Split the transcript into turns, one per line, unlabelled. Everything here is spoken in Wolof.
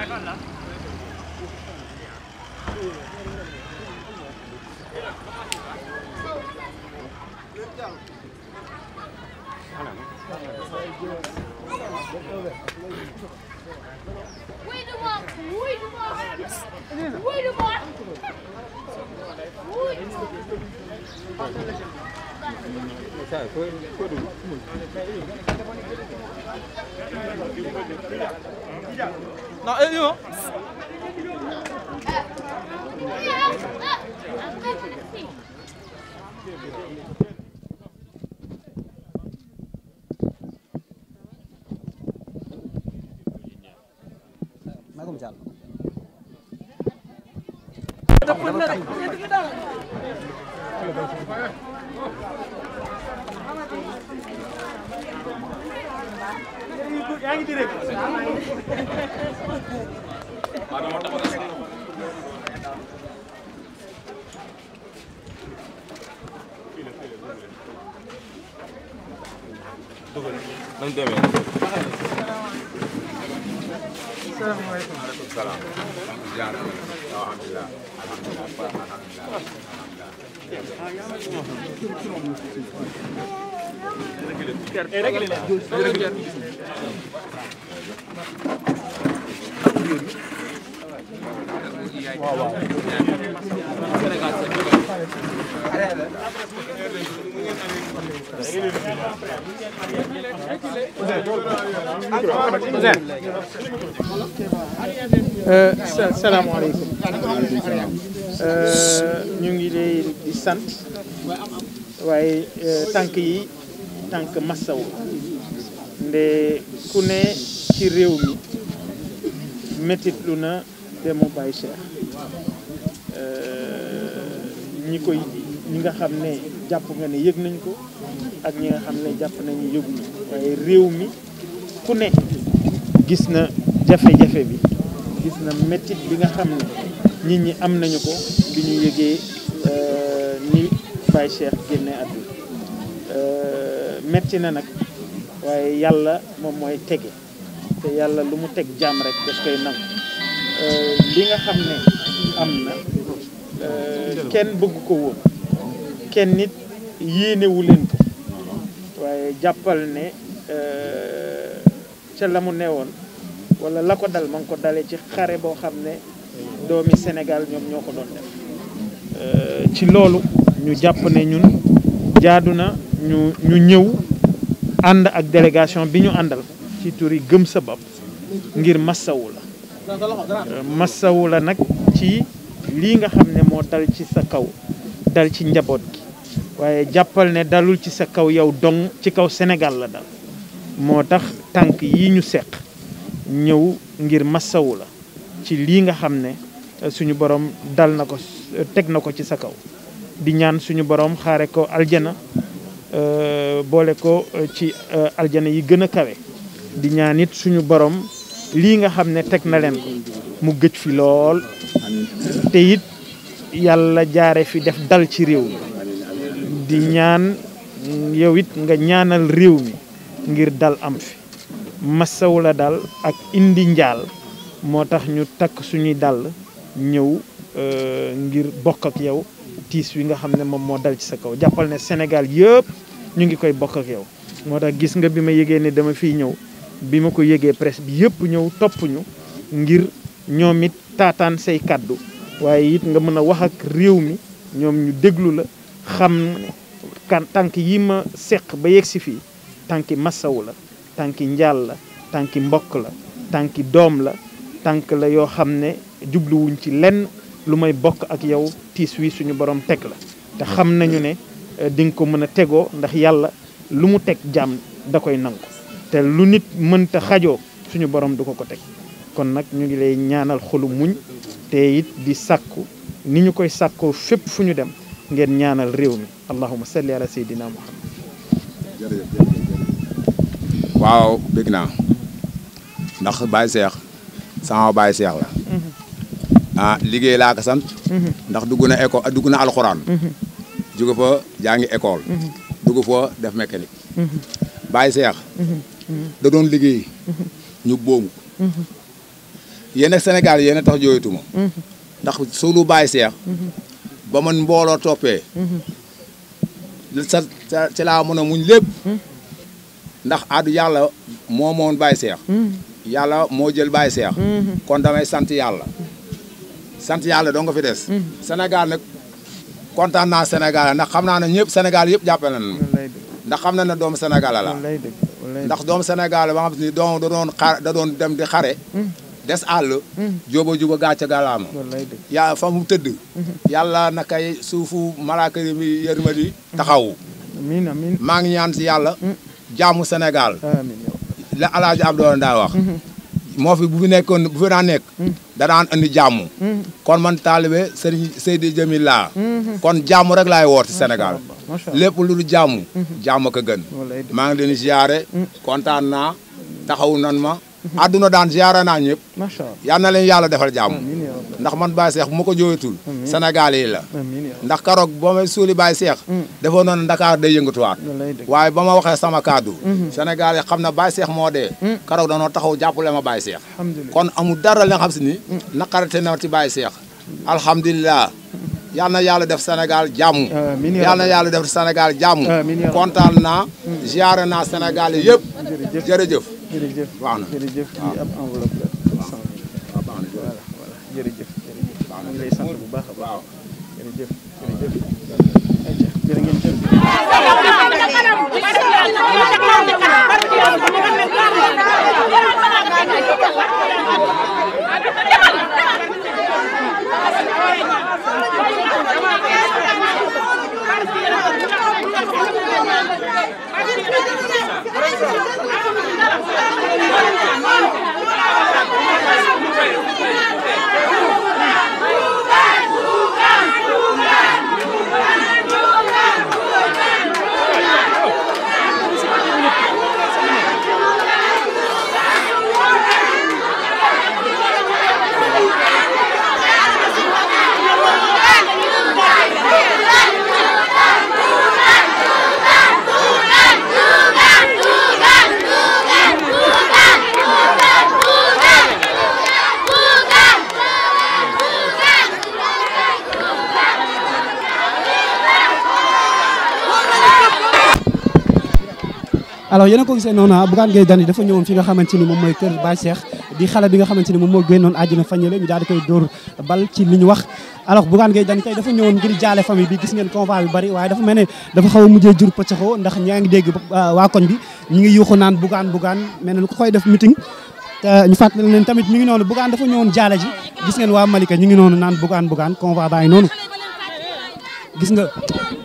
Wait a minute! Wait a minute!
Non, eh, non.
Magum jalo.
Dapat na rin. Ito kita. yaa ngi direct nañ demee
salaamaaleykum aleykum salaam alhamdulilah alhamdulilah alhamdulilah
Eh, salaamaaleykum Euh, ñu ngi lay di sant waaye euh, tànk yi tànk massaw nde ku ne ci réew mi metitlu na demu Baye Cheikh ñi koy ñi nga xam ne jàpp nga ne yëg nañ ko ak ñi nga xam ne jàpp nañu yëguñu waaye réew mi ku ne gis na jafe-jafe bi gis na métit bi nga xam ne nit ñi am nañu ko bi ñu yëgee euh, ni Baye Cheikh génne àdduna euh, metti na nag waaye yàlla moom mooy tege te yàlla lu mu teg jaam rek daf koy nangu euh, li nga xam ne am na kenn bëggu ko woon kenn nit yéenewu leen ko waaye jàppal ne ca la mu newoon walla la ko dal ma ngi ko dalee ci xare boo xam ne doomi Sénégal ñoom ñoo ko doon def Euh, ci loolu ñu jàpp ne ñun jaadu na ñu ñu ñëw ànd ak délégation bi ñu àndal ci tur gëm sa bopp ngir massawu la euh, massawu la nag ci lii nga xam ne moo dal ci sa kaw dal ci njaboot gi waaye jàppal ne dalul ci sa kaw yow dong ci kaw Sénégal la dal moo tax tànk yi ñu seq ñëw ngir massawu la ci lii nga xam ne suñu borom dal na ko teg na ko ci sa kaw di ñaan suñu boroom xaare ko aljana euh, boole ko euh, ci euh, aljana yi gën a kawe di ñaan it suñu boroom lii nga xam ne teg na leen ko mu gëj fi lool te it yàlla jaare fi def dal ci réew mi di ñaan yow it nga ñaanal réew mi ngir dal am fi masawu dal ak indi njaal moo tax ñu takk suñuy dàll ñëw Euh, ngir bokk ak yow tiis wi nga xam ne moom moo dal ci sa kaw jàppal ne Sénégal yëpp ñu ngi koy bokk ak yow. moo tax gis nga bi ma yëgee ne dama fi ñëw bi ma ko yëgee presse bi yëpp ñëw topp ñu ngir ñoom it taataan say kàddu waaye it nga mën a wax ak réew mi ñoom ñu déglu la xam ne tànk yi ma seq ba yegg si fii tànki massaw la tànki njaal la tànki mbokk la tànki doom la tànk la yoo xam ne jubluwuñ ci lenn lu may bokk ak yow tiis wi suñu borom teg la te xam nañu ne euh, dinga ko mën a tegoo ndax yàlla lu mu teg jaam da koy nangu te lu nit mënta xajoo suñu borom du ko ko teg kon nag ñu ngi lay ñaanal xolu muñ te it di sàkku ni ñu koy sàkkoo fépp fu ñu dem ngeen ñaanal réew mi allahuma salli ala sayyidina muhammad
waaw dégg naa ndax Baye Cheikh sama Baye Cheikh la ah liggéey laa ko sant. ndax dugg na école dugg na alxuraan. jóge fa jàngi école. dugg fa def mécanique. seex. da doon liggéey. ñu boomu. yéen ak Sénégal yéen a tax jooytu ma. ndax suulu bàyyi seex. ba man mbooloo toppee. sa sa a muñ lépp. ndax addu yàlla moo moon bàyyi seex. yàlla moo jël bàyyi seex. kon damay sant yàlla. sant yàlla doo nga fi des. Sénégal nag kontaan naa Sénégal ndax xam naa ne ñëpp Sénégal yëpp jàppale nañu. ndax xam na ne doomu Sénégal la. ndax doomu Sénégal ba da doon xaar da doon dem di xare. Hmm. des àll. Hmm. jóoba juba gàcce galaama. yaa fa mu tëdd. Hmm. yàlla na kay suufu malaaka yi yërmadi taxawu. amiin amiin maa ngi ñaan yàlla. jaamu Sénégal. la El Hadj Abdoulaye daa wax. moo fi bu fi nekkoon bu fi daan nekk. danaan andi jàmm. kon man taal Serigne Seydi Djamil laa. kon jàmm rek laay woor ci Sénégal. lépp lu dul jàmm. Mhm. jàmm ko gën. maa ngi leen di ziare. Mhm. kontaan naa taxawu nan ma. àdduna daan ziare naa ñëpp. yal na leen yàlla defal jàmm. ndax man Baye Cheikh bu ma ko jooyatul Sénégal yi la ndax karoog ba may suuli Baye Cheikh mm. dafa noonu Dakar day yëngatuwaat waaye ba ma waxee sama kaddu mm-hmm. Sénégal yi xam na Baye Cheikh moo dee mm. karoog danoo taxaw jàppale ma Baye Cheikh kon amul dara la nga xam si ni mm. naqarate na ci Baye Cheikh alhamdulilah yàlla na yàlla def Sénégal jàmm yàlla na yàlla def Sénégal na jërëjëf am jërëjëf jërëjëf
waaw lay sant bu baax a baax jërëjëf jërëjëf alors yéen a ko ee noonu ah, Bougane Gueye Dany dafa ñëwoon fi nga xamante ni moom mooy kër Baye Cheikh di xale bi nga xamante ni moom moo génnoon àddina fañele ñu daal di koy dóor bal ci li wax alors Bougane Gueye Dany dafa ñëwoon ngir jaale famille bi gis ngeen convoi bi bari waaye dafa mel ne a mujjee jur pëccëxoo ndax ñaa ngi dégg ah, waa koñ bi ñi ngi koy def meeting ñu fàttali leen tamit mi ngi noonu Bougane dafa ñëwoon jaale ji gis ngeen waa Malika ñu ngi noonu naan Bougane Bougane convoi baa ngi noonu gis nga